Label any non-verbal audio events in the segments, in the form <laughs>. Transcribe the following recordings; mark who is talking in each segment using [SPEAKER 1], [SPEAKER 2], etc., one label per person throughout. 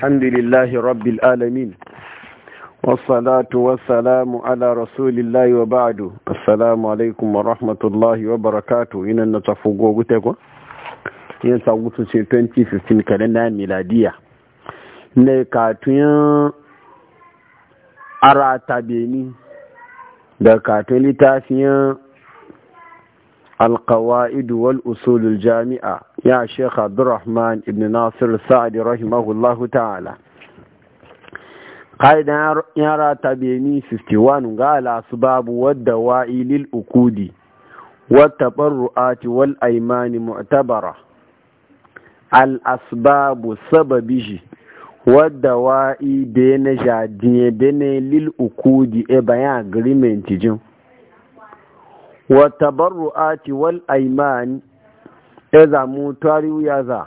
[SPEAKER 1] الحمد لله رب العالمين والصلاة والسلام على رسول الله وبعد السلام عليكم ورحمة الله وبركاته إن نتفوق وقتك yin sagutu ce 2015 kalenda miladiya ne katuyan ara tabeni da القواعد والأصول الجامعة يا شيخ عبد الرحمن ابن ناصر السعدي رحمه الله تعالى قاعدة يرى تبيني 51 قال أسباب والدواء للأكود والتبرعات والأيمان معتبرة الأسباب سببه والدواء دين جادين دين للأكود إبا agreement جن wa tabarru'ati wal aiman ya zamu tariu ya za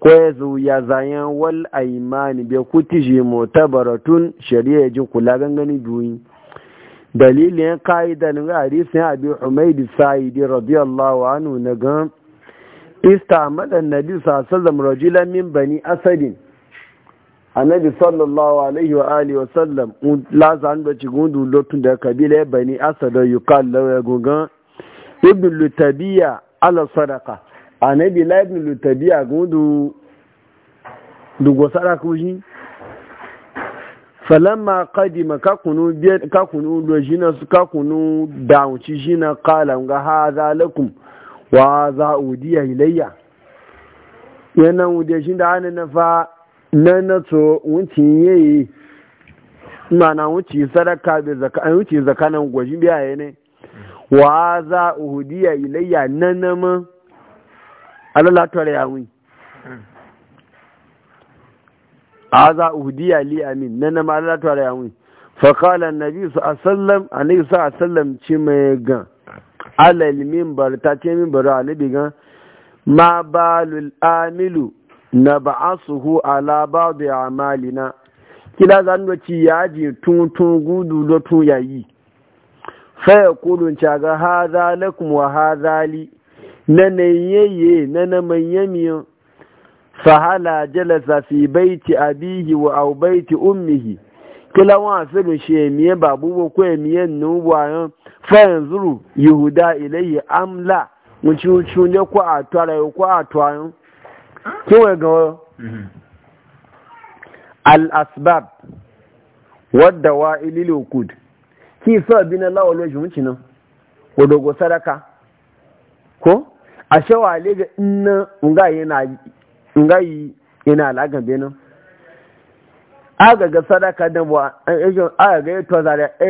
[SPEAKER 1] ko ya zo ya zayen wal aiman bai kuti shi mutabaratun shari'a ya ji kula gangani duyi dalilin ka'idan ga hadisin abi humaid sa'idi radiyallahu anu na gan istamala nabi sallallahu alaihi wasallam min bani asadin annabi sallallahu alaihi wa alihi wa sallam la zan da ci gundu lotun da kabila bani asada yuqal ya gungan ibn lutabiya ala sadaqa annabi la ibn lutabiya gundu dugo sadaka shi falamma qadima ka kunu ka kunu do jina su ka kunu da ci jina qala ga hadha lakum wa za udiya ilayya yana udiya shin da anan fa na na tso wuncin yayi mana wuce sadaka da zaka an wuce zakanan gwajin biyaye ne wa za uhudiya ilayya nanama alala tore ya wi aza uhudiya li amin nanama alala tore ya wi fa qala annabi sallallahu alaihi wasallam ci mai ga alal minbar ta ce minbar annabi ga ma balul amilu na ba'asuhu ala ba'di amalina kila zan do ci yaji tun tuntun gudu do tun yayi fa yaqulu chaga hadha lakum wa hadha li nana yeye nana manyami na hala jalasa fi baiti abihi wa aw ummihi kila emiye a ko a kí wọ́n gan al-asbab wadda wa ilil ukud kí sọ bí na láwọ lóṣù mú cinan wadogo sadaka ko a shawa lega ina ngayi yana alagan benin agaga sadaka da ba agaga ya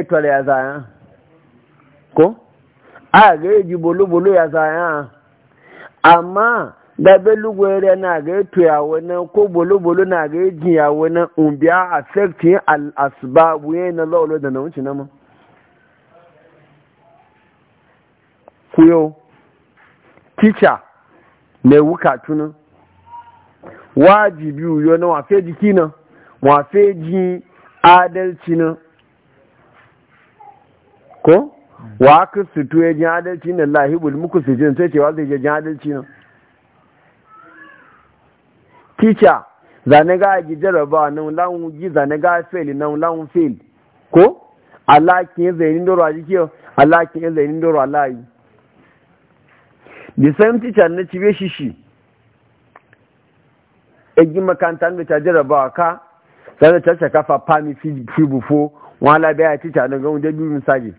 [SPEAKER 1] tore ya zaya ko agaga ya ji bolo-bolo ya zaya amma dabe lugwere na ga eto ya wani ko bolo-bolo na ga eji ya wani umbiya affect yin al'asba buye na lo da na wuce na ma kuyo teacher na ewu katunan wajibi uyo na wafe jiki na wafe ji adalci na ko wa aka sutu ya ji adalci na lahibul muku su jin sai cewa zai ji adalci na teacher zane ga gi jaraba na lawun gi zane ga fail na lawun fail ko ki zai ni doro aji kiyo ki zai ni doro alayi the same teacher na cibe shishi egi makanta ga ta jaraba ka sai ta ta kafa pami fi bufo wala a teacher na ga wanda bi misali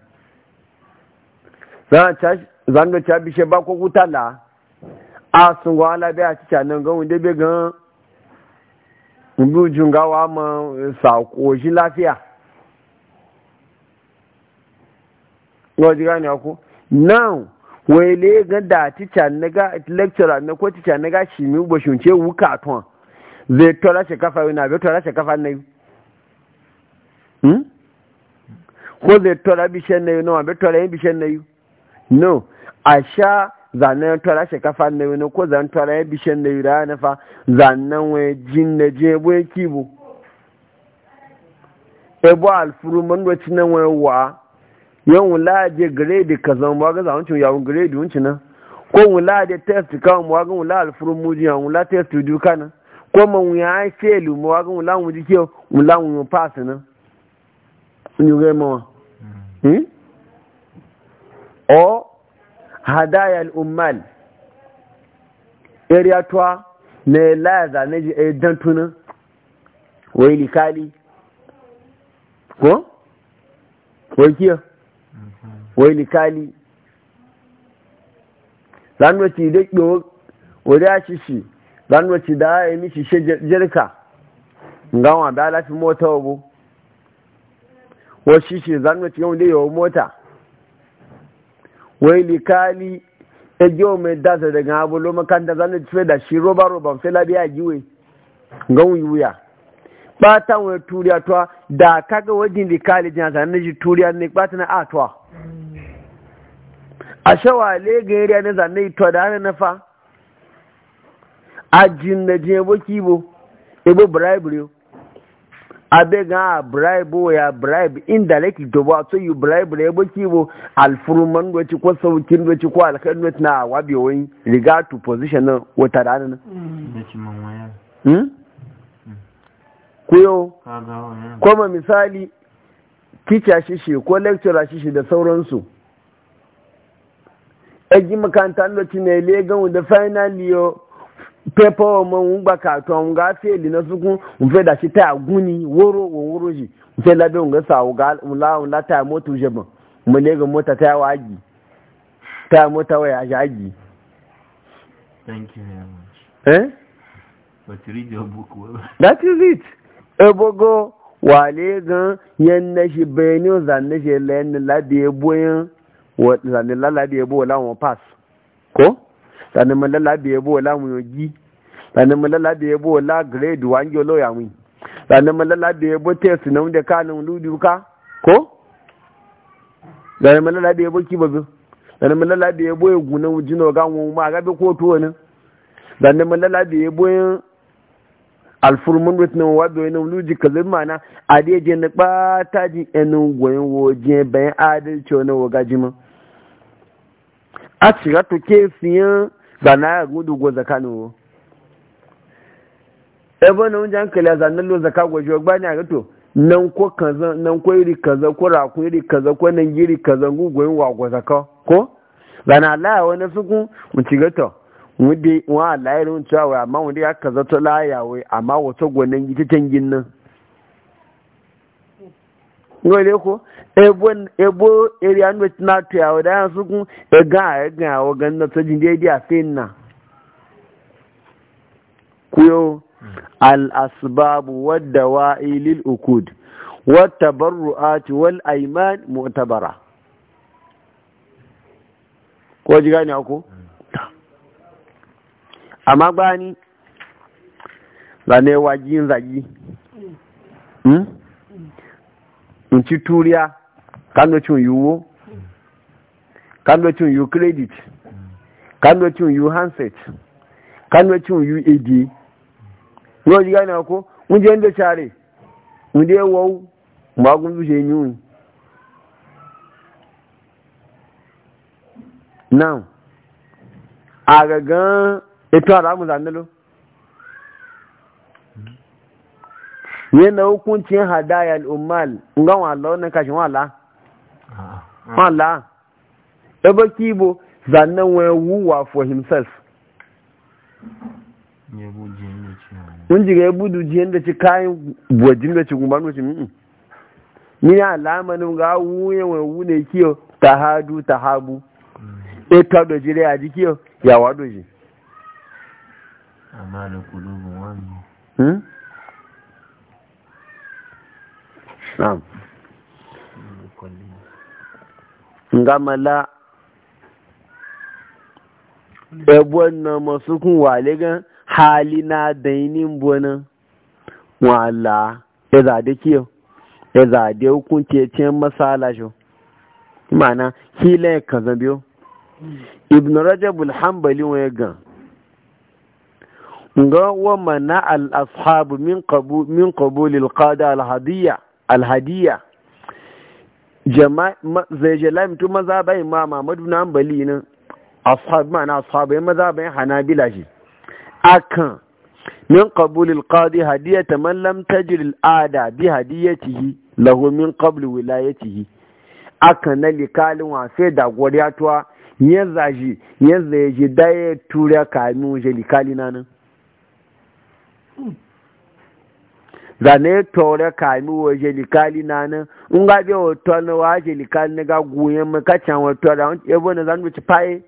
[SPEAKER 1] zan ta zan ga bi she ba ko kutala a sun wala a teacher na ga wanda be gan gujin gawa ma saƙo shi lafiya wajen gani ako now wele ga da teacher na ga lecturer na ko teacher na ga shi mi bo shunce wuka ton zai tora shi kafa na be tora shi kafa na hmm ko ze tora bi shen na no be tora bi shen na no asha zanen tora kafa na wani ko zan tora ya bishen da yura na fa zanen wani jin na je ebo ya kibo ebo alfuru man wacce nan wani wa yan wula je grade ka zan ba ga zanen cin yawon grade wuncin nan ko wula da test ka mu ga wula alfuru muji yan wula test duka nan ko man ya fail mu wa ga wula mu ji ke wula mu pass na ni ga mawa hmm o hadaya al'ummal iriyatuwa na laza na ji a eh, dan tunan wai likali ko? wai kiyo wai likali zanwaci da ɗo wadda shi shi zanwaci da ya yi mishi shi jirka gawa da lafi mota wabo wa shi zanwaci yau da yawon mota wai likali e ji mai dasa daga abu lo makanta zanen cife da shi roba roban fela biya giwe gan wuya bata wani turiya tuwa da kaga wajen likali jina zanen ji turiya ne bata na tuwa. a shawa legan ne na yi tuwa, da hana nafa a jin na jin ebo kibo ebo bribery abega bribe ya bribe indirectly to ba so you bribe ne baki bo alfurman wace ko saukin wace ko alkan wace na wabe wani regard to position na wata rana na kuyo kuma misali teacher shi ko lecturer shi da sauransu egi makaranta lokacin ne legan da final year pẹ́pọ́ ọmọ òun gba kàtọ́ òun gá fèèlì náà sunkún òun fẹ́ dàṣí tẹ́ àgún ni wóró òun wóró yìí òun fẹ́ lábẹ́ òun gẹ́sà òun láwọn látà mọ́tò jẹ̀bọ̀n mọ̀lẹ́gàn mọ́tà táyà wá jì táyà mota wáyà àṣà jì. thank you very much. Eh? but read your book well. that is it. ebogo wale gan yan na shi benin zan na shi lẹ́nu ládìí ebó yan zan na bo ebó láwọn pass. ko. tani malala bi yebo la mu yogi tani malala bi yebo la grade wa njo lo ya mu tani malala bi yebo test na unde ka na ka ko tani malala bi yebo ki babu tani malala bi yebo egu na ujino ga mu ma ga bi ko to ne tani malala bi yebo e alfurmun wetin wa do ina luji kazin mana adeje na bata e e wo enin goyin woje bayan adalci wani wagajima a shiga to ke siyan ba na ya gudu go zakano ebe na wunjan kala zanen lo zaka go jo ne a gato nan ko kaza nan ko iri kaza ko ko iri kaza ko nan iri kaza go wa go zaka ko bana la na suku mun ci gato wa la irin cewa amma wudi ya kaza to la yawe amma wato gonan gitatan gin nan ngole ko ebo ebo eri anu na tu ya wada yan sukun ega ega ya e ga o e gan e na to jinde di afin kuyo al asbabu wadda wa ilil ukud barru ati wal ayman mu'tabara kwa ji gani ako amma gbani ba ne wajin zagi hmm? nci turiya kanocin yiwu kanocin yiwu credit kanocin yiwu handset kanocin yiwu edi yau ji gane ko wunje inda share wunje wau magun zuce yiwu now a gagan ito e yana hukuncin hadaya al'ummal ngan wala wannan kashin wala ah, ah. wala ebe kibo zannan wani wa for himself kun jiga ya du jiyan da ci kayan gwajin da ci gumbar mace mi'in ni ya ne ga wuye wani wune kiyo ta hadu ta habu mm. e ta doji da yaji kiyo do ji amma da kulubun wani hmm? na'am ngamala ebuwan na masu kun wale gan hali na dainin buwana, wala ya e zade kiyo ya e zade hukun cin masala shi mana kila ya kaza biyo ibn rajab al-hanbali gan ga wa mana al-ashabu min qabulil qada al-hadiyya alhadiya zai je maza bai ma mamadu na ambali nan ma na ashabai maza bai hanabila shi akan min qabulil qadi hadiyata man lam tajri al ada bi hadiyatihi lahu min qabl wilayatihi akan na likalin wa sai da goriyatuwa yan zaji yan zai da ya tura kamin je likalina nan zane tore kami wa jelikali na nan in ga biya wa tore wa jelikali na ga goyen mai kacan wa tore a wani ebo na zan ci pai?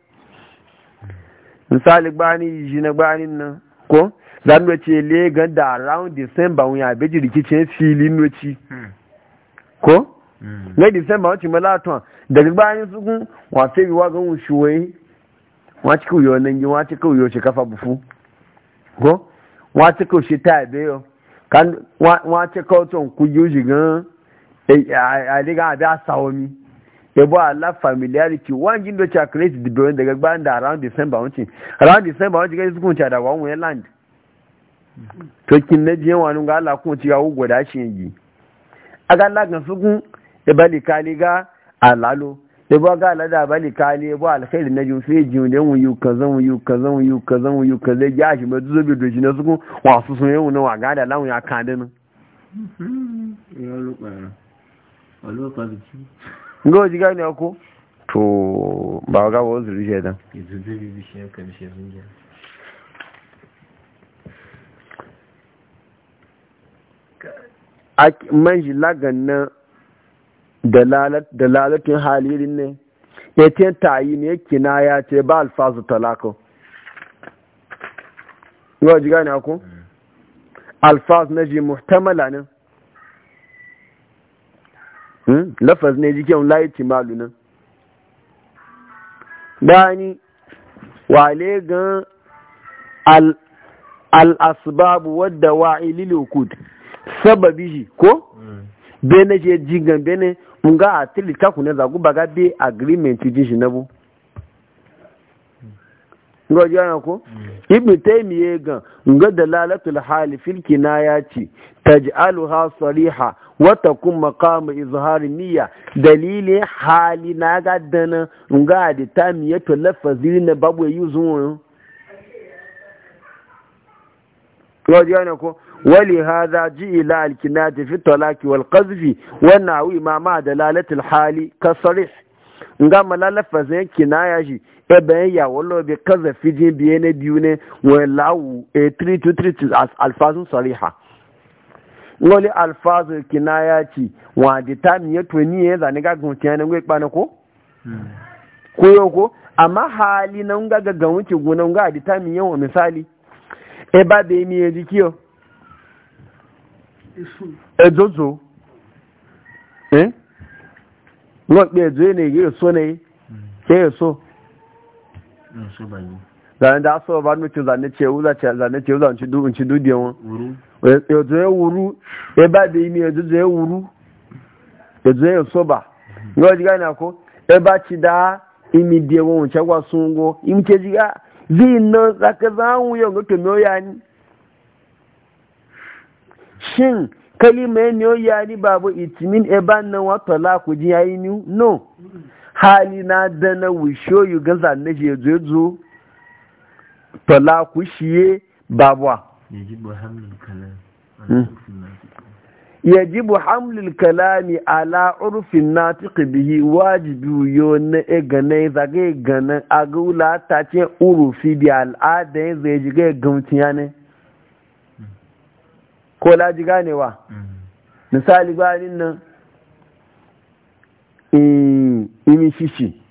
[SPEAKER 1] misali gbani ji na gbani nan ko ci le ga da around december wani abeji rikicin filin wuce hmm. ko hmm. ne december wuce malatuwa daga gbani sukun wasu wa ga wushi wai, wa ci yọ ọ́ nẹ́yìn wọ́n wa ci yọ ọ́ ci kafa bufu ko wa ci kò shi ta bẹ́ẹ̀ yọ. kan wọn ti kọ́tún kújú jù gan àdígá àbí àsáwọmí ẹbọ́ ala wọ́n jí ń lọ́ọ́ chakirẹ́tì dìbò ẹ̀ dẹ̀gẹ́ gbáǹdà around december wọ́n ti around december wọ́n ti gẹ́gẹ́ sukùn chadà wọ́n wọ́n land tó kí n lẹ́jì wọn nù gàlá ti àwọn gbọ̀dá ṣe yìí ka àlálò. ba ga lada bali kale ba alkhairi na jun sai jun da wuyu kazan wuyu kazan wuyu kazan wuyu kazan ya shi ba zubi do shi na su wasu sun yau na waga da lawun ya kan dana ngo ji gani ko to ba ga wa zuri je a manji lagan nan dalalatin halirin ne ya ce tayi ne kina ya ce ba alfazu talako wa ji gane ku alfazu na ji muhtamala ne lafaz ne jikin kyan layi timalu nan gani wale gan al'asbabu wadda wa hukud sababi shi ko bene je jingan bene nga ati tilita ku ne zagu baga bi agreement ji nabu na ji ko mm. ibn taymiye ga nga dalalatul hali fil kinaya ce taj'aluha sariha wa takum maqam izhar niyya dalili hali na ga nga da tamiye to lafazi ne babu yuzun ngo ji ko wali hadha ji'ila al-kinati fi talaqi wal qazfi wa na'u ma ma da al-hali kasarih nga malalafa zai kinaya shi ebe ya wallo bi kaza fijin biye ne biyu ne wa lawu a 3 to 3 alfazun sariha ngoli alfazu kinaya ci wani di time ya to ni ya zani ga gun tiyan ngwe kpana ko ko yo amma hali na nga ga ga wuce guna nga di time yawa misali e ba be mi e dikiyo ezozo eh wọ́n pè ẹ̀dùn ní èyí èso ní kí èso zànàdà sọ ọba ní tí zànà tí ewu zànà tí ewu zànà tí dú di wọn ẹ̀dùn ewúrú ẹbá bí i ní ẹ̀dùn ewúrú ẹ̀dùn èso bà ní ọjọ́ ìgbà kó shin kalima ya niyo ya ni babu itimin eba nan wato la ku ji yi ni no hali na da na wisho yi gaza na je zo zo to la ku ya babwa yajibu hamlul hmm. kalami ala na tuka bihi wajibi yo na e gane zage gane agula ta ce urufi bi al'ada zai jige gamtiya ne ko laji ganewa misali bayanin nan eh, imi shishi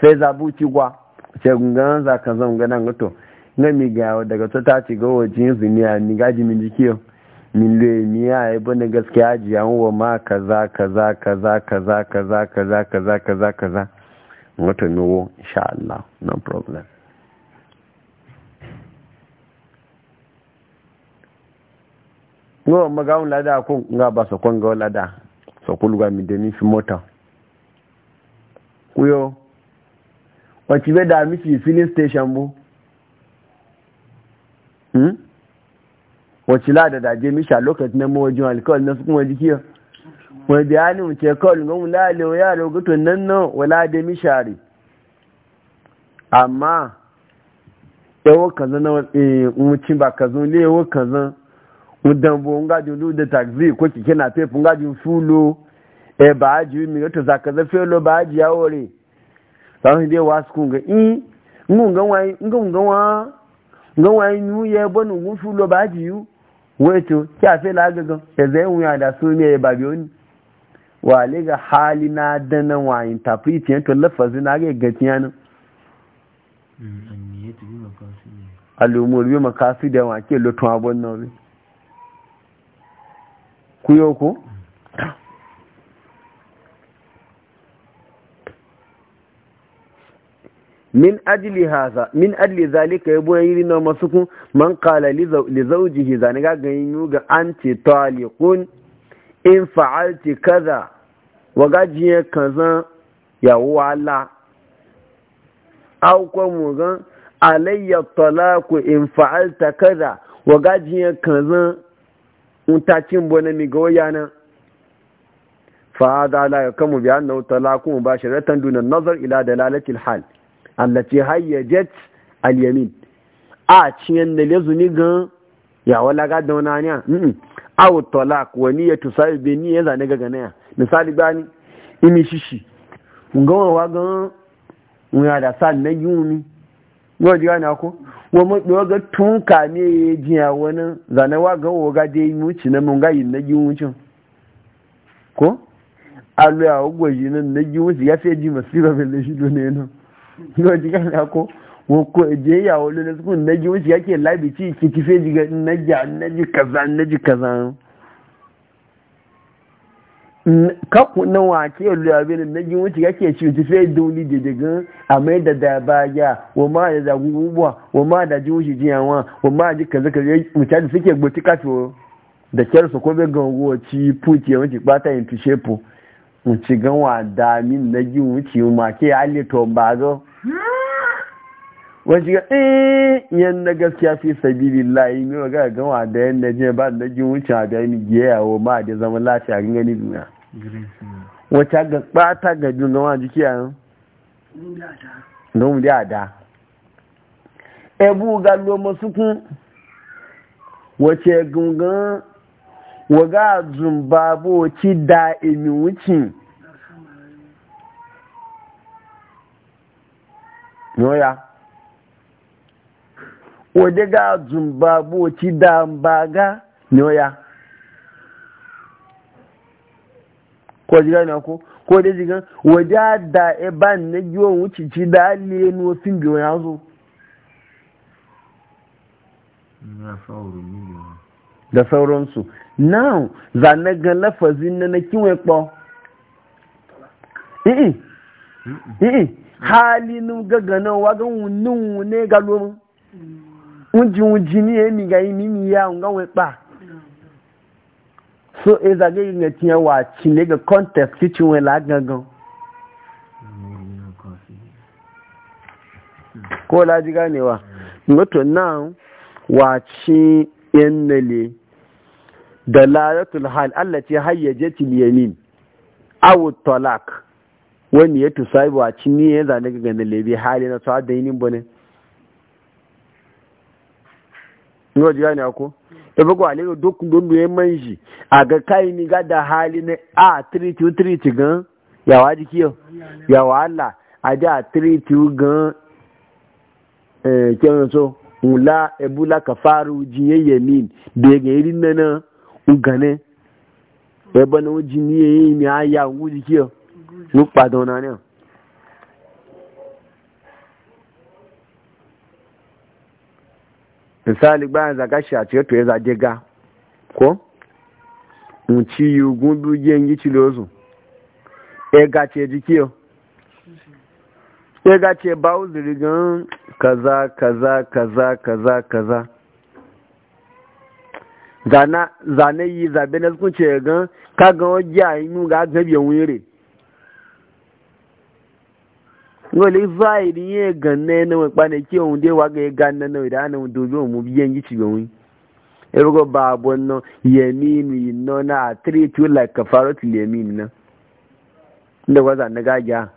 [SPEAKER 1] sai zabuci gwa ce gungan za ka zan ganan gato na mi ga daga to ta ci ga wajen zuniya ni gaji min jikiyo min le mi ya yi bane gaskiya ji an wo ma kaza kaza kaza kaza kaza kaza kaza kaza kaza wato no insha Allah no problem no ga un lada ko nga ba so kon go lada so kulga mi de mi fi mota kuyo wa ti da mi fi filling station bu hm wa ti lada da je mi sha lokat na mo jun alcohol na su kuma jiki wa bi ani un che call ngom la le ya lo gutun nan no wala de mi shari amma yawo e kazan na wasu e, eh mutum ba kazan lewo kazan udambo ngaji ulude taxi ko kike na pepu ngaji mfulo e baaji mi yoto zakaza felo baaji ya ore tawon de waskunga i ngunga wai ngunga wa ngunga wai nu ye bonu baaji yu weto kya fe la gaga e zai wuya da su ne e oni wa le hali na dana wa to lafazi na ga gatiya nan bi makasi da lotun nan kuyo ko min ajli haza min ajli zalika yabo yiri na masuku man qala li zawjihi zani ga ganyu ga anti taliqun in fa'alti kaza wa gajiye kaza ya wala aw ko mu gan alayya talaqu in fa'alta kaza wa gajiye kaza un ta cin na mi ga waya nan fa da la yakamu bi annahu talaqu mubasharatan duna nazar ila dalalati al-hal allati hayyajat jet alyamin. a ciyen da lezu ni gan ya wala ga dauna A mm aw talaq wa niyatu sahibi ni ya zane ga ganaya misali bani imi shishi ngawa wa gan mu ya da san na yuni yau ji gane ku wani ga tunka ne ya jiya wani zane wa ga woga da yi wuce na mun gayi na ji wucin ko alu ya ogwa ji nan na gi wuce ya fi ji masira bai da shi dole nan yau ji gane ku ko e je ya wani na sukun na gi wuce yake labi ci ki ki fi ji ga na ji kaza na ji kaza kakku na wake luya benin na gin wuce yake ci ci sai duni didigin a mai da da baya wa ma da zagubuwa wa ma da ji wuce jiyawa wa ma ji kaza kaza mutane suke gboci kato da kyar su ko bai gango ci puti ya wuce bata yin tushe pu wuce gan wa da min na gin wuce ma ke halle to ba zo wani shiga eh yan na gaskiya fi sabili layi mai magana gan wa da yan na jiya ba na gin wuce a da yin giyawa ma da zama lafiya gani duniya wacce ga ɓata ga juna wa jiki a nan? Nomu ada da. Ebu galo masu kun wacce gungan waga zumbabo ci da emi wucin. Noya. Wade ga zumbabo ci da mbaga, noya. ko ji gane ko ko dai jigan waje da e ba na yiwo wucici da le no fin biyo ya zo da sauransu now za na ga lafazin na na kinwe kpo i'i i'i hali halin gagana wa ga wunin wune ga lomin mm. wujin ni ya e mi ga yi mimi ya nga we pa so ezage yi nga tiɲɛ waa ne ga contexte ci tiɲɛ la gangan ko la laji gane wa nga to nan waa ci yan nale da layatul hal Allah ce ci liyanin awu tolak, wani ya tusa wa ci ni ya zane ga ganin lebe hali na tsawa da yinin bane nga ji ne ko da bugu alayyar duk dundu ya manji a ga kai ni ga da hali na a triti triti gan yawa jiki yau yawa Allah a da triti gan eh, kyanu so nla ebula ka faru jiye yamin da ya gairi na ugane ebe na ujini yayi ni aya ngu jiki yau ne misali bayan zaga shi a ce to ya zage ga ko in ci yi gundu yin yi cilozu ya gace e ga ce e ba ziri gan kaza kaza kaza kaza kaza zane yi zabe na zukunce gan kagan a yi nuga gabi yawon wale zahiri ye ganne e na wakpane ki on de waga ganna na wida na dojo mu biyan gi ci gawin ergo ba bonno yeminu inno na treat you like kafarat yamin na inda waza na gaja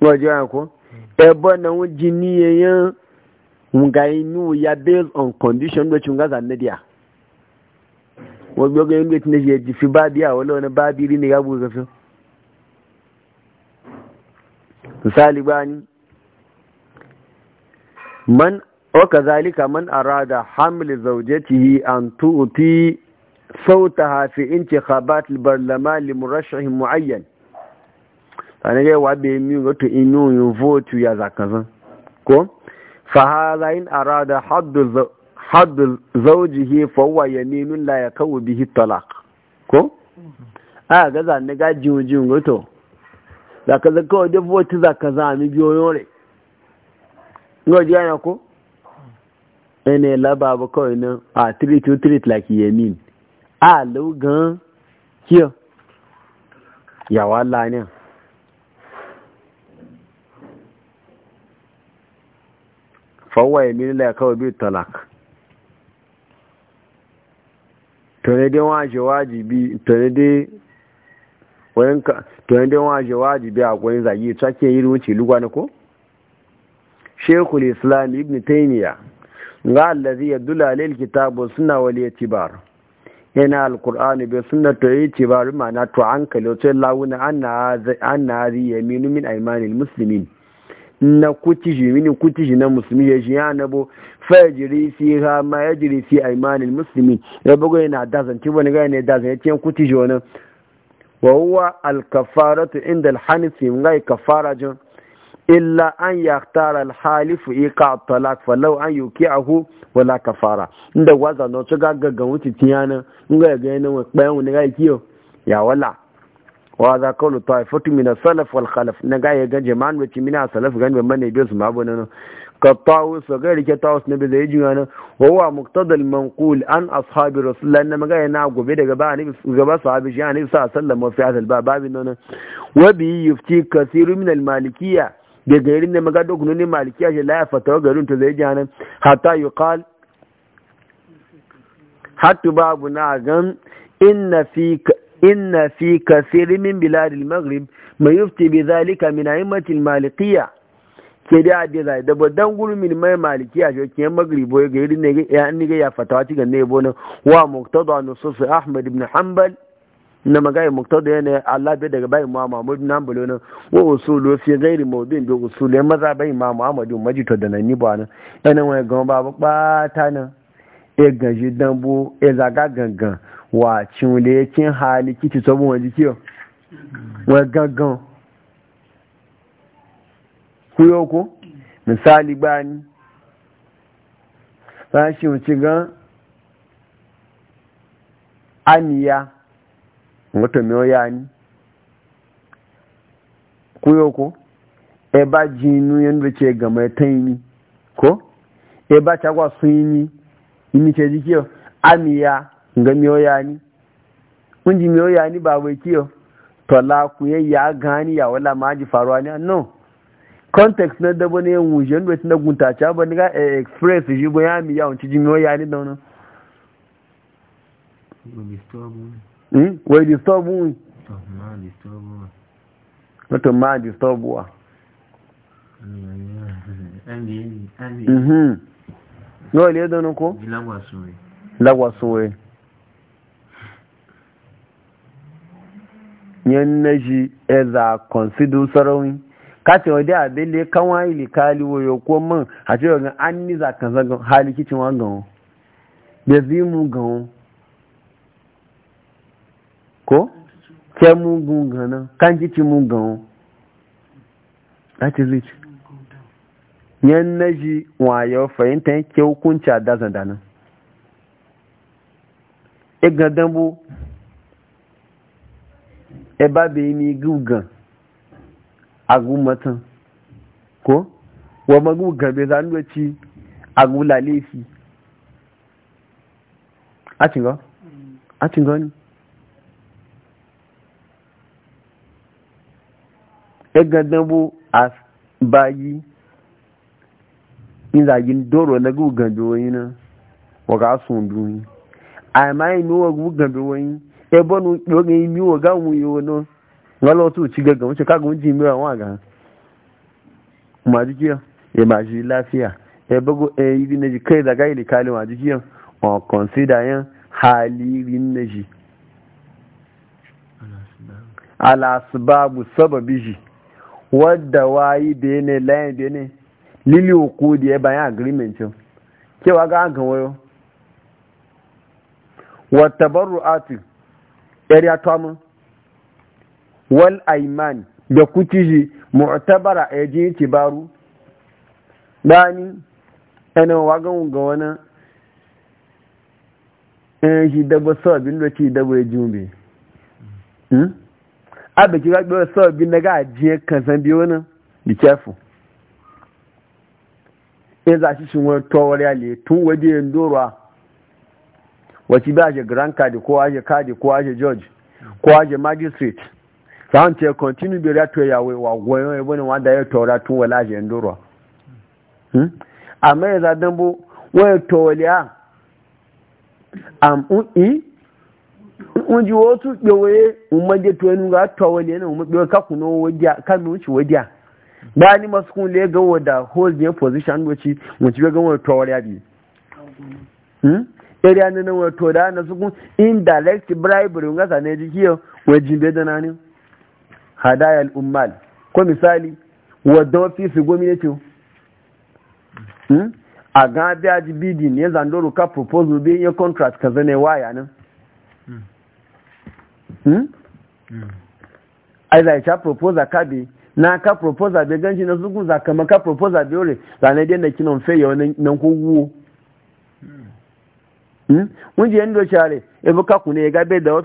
[SPEAKER 1] waje ya ko ebo na wuji ni yeyan nga inu ya based on condition do chunga za nadia wogbo ga yin ga tinaje ji fi babiya wala wani babiri ne ya buga fi misali bani man waka zalika man arada hamli zaujatihi an tu'ti sautaha fi intikhabat al-barlaman li murashih muayyan ga wa be mi goto inu yin vote ya zakazan ko fa hadha in arada hadd hadd zawjihi fa huwa yaminun la yakawu bihi talaq ko a ga zan ga jiwjin to za ka zaka wajen vote za ka zami biyoyo ne ga wajen yana ko ene laba kawai nan a treat you treat like yemin a lugan kiyo ya wala ne fawwa yemin la kawai bi talak to ne dai wajibi to ne dai wayan ka to yanda waje wajibi a koyin zagi tsake yi ruci lugwa na ko shekul islam ibn taymiya ga allazi yadullu alal kitabu sunna wal itibar yana alqur'ani bi sunnatu itibar ma'ana to an kalo to lawuna anna anna hadhi yaminu min aymanil muslimin na ji mini ji na musulmi ya ji yana bo fajiri si ha ma ya jiri fi aimanin musulmi ya bugu yana dazan ci wani gani dazan ya kuti ji wani wa huwa alkafaratu inda alhanifi yi kafara jin illa an yaktara alhalifu iqa talak falau an yuki'ahu wala kafara inda waza no to gaga ga yi gani ngai ga yana wa bayan kiyo ya wala wa za kaulu taifatu mina salaf wal khalaf na ga ya ga jama'an wacce mina salaf gani ba mana ibe su ma nan. ka tawu su ga rike tawu na bi zai jiya nan wa wa muktadal manqul an ashabi rasulullah na maga yana gobe daga ba ni gaba sahabi shi ani sa sallama fi hadal ba babin nan wa bi yufti kathiru min al malikiyya da gairin ne maga dokuno ne malikiya shi la ya fatawa garin to zai jiya nan hatta yuqal hatta babu na gan inna fi inna fi kasiri min biladil maghrib mai yufti bi zalika min aimatil malikiya ke da adi zai da ba dan gulu min mai malikiya shi ke maghribo ga irin ne ya ni ga ya fatawa ci ganne bo nan wa muqtada nusus ahmad ibn hanbal na magana muqtada ne. Allah bai daga bai ma Muhammad ibn hanbal nan wa usulu fi ghairi mawdin da usulu maza bai ma Muhammad majito da nan ba nan yana wani gama ba ta nan Ya gaji dambu ya zaga gangan wa cin da yake hali kiti sabon wa jikiyo wa gaggan ku yau ku misali bani shi wuce gan aniya wata miyoya ni ku yau ku e ba jinu yadda da ke gama ta yi ni ko e ba ta kwa sun yi ni ke jikiyo aniya nga miyo yani mun ba bai kiyo to la ku ya ya gani ya wala ma ji faruwa ne no context na dabo ne wujen da tun da gunta cha ba ga eh, express ji bo ya mi ya unci ji miyo yani don wannan hmm wai disturb mu na to ma wa mhm no le dono ko lagwa suwe lagwa suwe yan na eza e consider sarauni kati wa da bele kan ili kali wo ko man a ce ga an ni za kan zagan hali kicin wa gan be zi mu gan ko ke mu gun gan kan kicin mu gan that is it yan na wayo fahimta ke hukunci a dazan danan. Igadan e bu e ba bai mi ko wa magugan bai zanu da ci agula lefi a cinga ni e gandan bayi in zagin doro na gugan bai wani na waga duni a ma gugan ebe nu oge imi wo ga mu e, yo no ngalo tu ci gaga kaga mun ji mi wa ga ma jikiya e ma ji lafiya e ne ji kai daga ile kali ma jikiya o consider yan hali rin ne ji ala wadda wayi da layin da lili uku da ya bayan agreement cewa ga an wayo wata baru Eri tomu wal aiman da kuciji mu'tabara a yaji yake baru, dani ana wagan ga wani eh shi da ba so bin da ci da ba jumbe hmm abe ki ga ba so bin da ga je kan be careful eh za shi shin wani towar ya le tun waje ndorwa wace bi aje grand card ko aje card ko aje judge ko aje magistrate sa'an ce continue bi rato ya we wa goyon ebe ne wanda ya tora tun wala aje ndoro amma ya zaɗin bu wani toliya am'u'i unji wasu ɗewaye umarje to yanu ga toliya na umarje ɗewaye kakunan wadiya kamin wuce wadiya ba ni masu kun le gawo da hold ne position wuce wuce bai gawo toliya biyu hmm? area ne nan wato da na sukun indirect bribery ga sane jikiyo wajin da nani hadaya al ummal ko misali wadda ofisi gwamnati hmm? a ga biya ji bidin ne zandoro ka proposal bin ya contract ka zane waya nan yi hmm. hmm? zai ta proposal ka bi na ka proposal bai ganci na sukun zakamaka ka proposal bai ore zane dai na kinan fe na nan kogo mun je ndo share e ku ne ga be da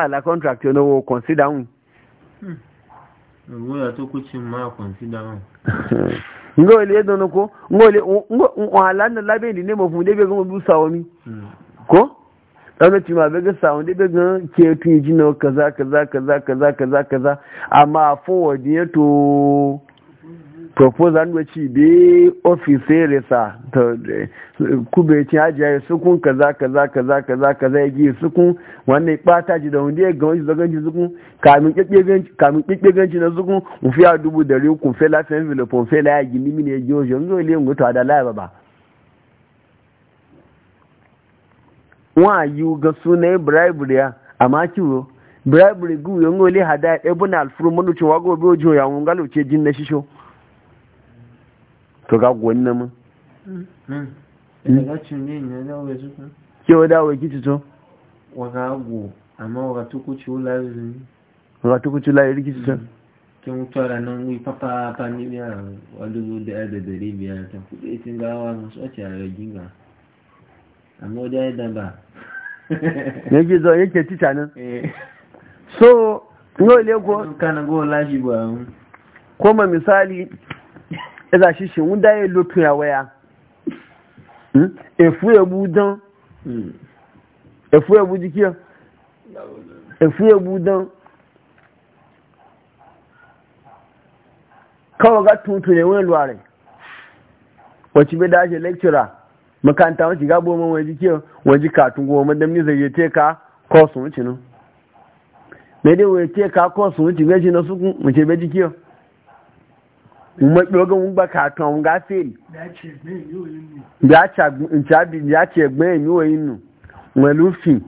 [SPEAKER 1] a la contract no wo consider un ngo ya to ku cin ma consider ko ala na labe ne mo fun de ko ma ke jina kaza kaza kaza kaza kaza kaza amma proposal ne ci da officer sa ta kube ci hajiya su kun kaza kaza kaza kaza kaza ya giye su kun wannan bata ji da wanda ya ga wani zagon ji sukun kamin kikkigen ganci na sukun mu fiya dubu da riyu fela fela fen vilopon fela ya gini mini ya giyo shi yanzu ile a da laya ba wọn a yi ga suna bribery ya amma kiwo bribery gu yanzu ile hada ebuna alfuru manucin wago biyo jiyo ya wunga lauce jin na shisho to ga gwanna mu hmm. Hmm. Hmm. ke wa kici to waga go amma waga tukuci wula zuni waga tukuci la yiri kici to ke ara nan wi papa pa ni biya walu da da dare biya ta kudi tin gawa musu a ta ginga amma da da ba <laughs> yake zo yake ci nan eh. so yau lego kana go lafi ba ko ma misali ẹzà ṣíṣe ń ya ẹ̀fú hmm? ẹ̀bú dán ẹ̀fú hmm. ẹ̀bú jíkí ọ ẹ̀fú ẹ̀bú dán kawai ga tuntun ne wani luwa rai wacce bai dace lecturer makanta wacce ga goma wani jiki wani jika tun goma ka kosu wuce nan mai dai wani ka kosu wuce gaji na yau mmaɗogon ba katon gafil ya ce gbẹ̀yìn ní oyin nù wẹ̀lúfin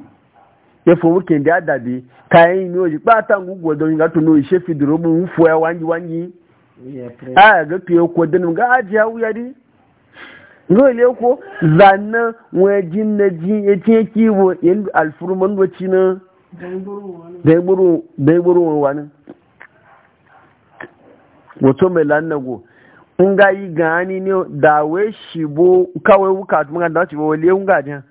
[SPEAKER 1] efowókè ndí àdàbí káyẹ̀yìn ní oyin pátá ń gbogbo ọdọ yìí látọ̀ ní oṣìṣẹ́ fìdúró mú ń fọ ẹ wáyé wáyé ààrẹ pé okò dẹnu ga ájì ya rí zanna wato mai lannago in ga yi gani ne da we shi bo kawai wuka tun ga da shi bo wale yun gajen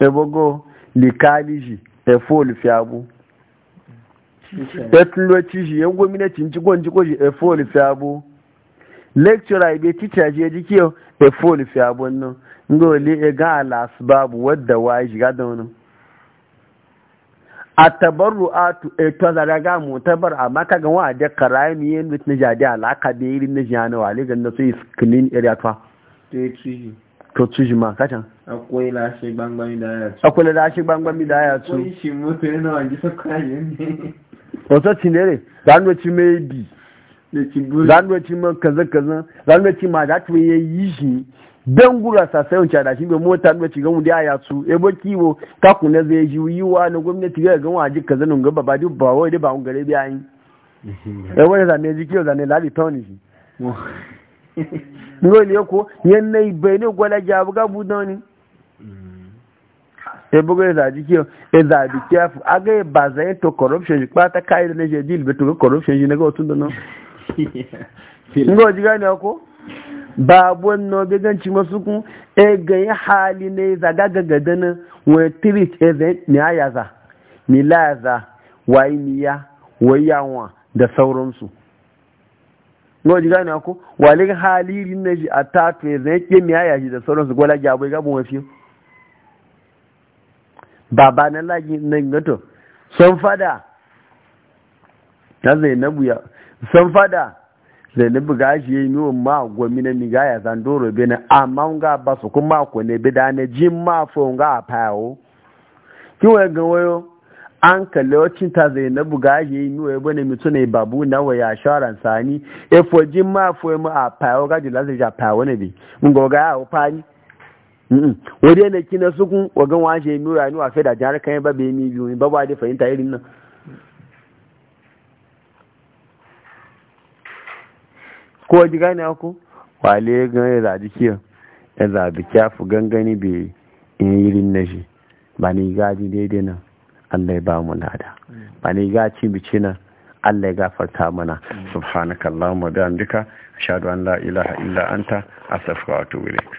[SPEAKER 1] ebogo likali shi efo lufiabu etuloci shi yan gwamnati jikon jiko shi efo lufiabu lecturer ibe teacher shi ya ji kiyo efo lufiabu nan ga wale ya ga alasbabu wadda wa ya shiga da wani a tabarru a tu eh, to zaraga mu tabar amma ka ga wa da karayi mi yin mit na jadi alaka da irin na jana wa ligan na sai screen area to to tuji ma kacan akwai lashe gbangban da ya tu akwai lashe gbangban da ya tu akwai shi mutu yana wani sakaye ne wato tinere zanu ci mai bi zanu ci man kaza kaza zanu ci ma da tu yi shi don gura sa sayon cada shi bai mota ba ci gamu da ya su e kiwo ka ku na zai ji yiwa na gwamnati ga ga waji ka zanun gaba ba duk ba wai ba un gare biya yin e wani zane ji kiwo zane lali tawni shi <laughs> ngo ne ko yan nay bai ne gola ja buga ni mm. e bo ga za ji kiwo e za bi kiafu aga e ba zai e to corruption ji kwata kai da e ne je dil be to corruption ji ne ga otun da no <laughs> ngo ji ga ne ko babu wannan gaganci masu kun e ganyi hali ne zaga gaga dana wani tirit e ni ni ayaza ni layaza wayi niya wayi yawa da sauransu ngo ji gane ko walin hali rin na ji a tatu e zai ke ni ji da sauransu gwala jabai gabon wafi baba na lagi na gato sun fada na zai na buya sun fada zainabu ga shi yi miwa ma gwami na mi gaya zan doro bi amma nga ba su kuma ku ne bi da ne ji ma fo nga a payo ki wa ga wayo an kalle wacin ta zainabu ga shi yi miwa bane mutu ne babu na wa ya sharan sani e fo ji ma fo mu a payo ga jula zai ja payo ne bi mun go ga o mm wuri ne kina sukun wa ga wa shi yi miwa ni wa fe da jar kan ba be mi biyu ba ba da fahimta irin nan ko ji gane ku wale gan ya zabi kiyo ya zabi kyafu gangani bai in rin na shi ba ni gaji daidai nan Allah ya ba mu nada ba ni gaci bice nan Allah ya gafarta mana subhanakallahumma bihamdika ashhadu an la ilaha illa anta astaghfiruka wa atubu ilaik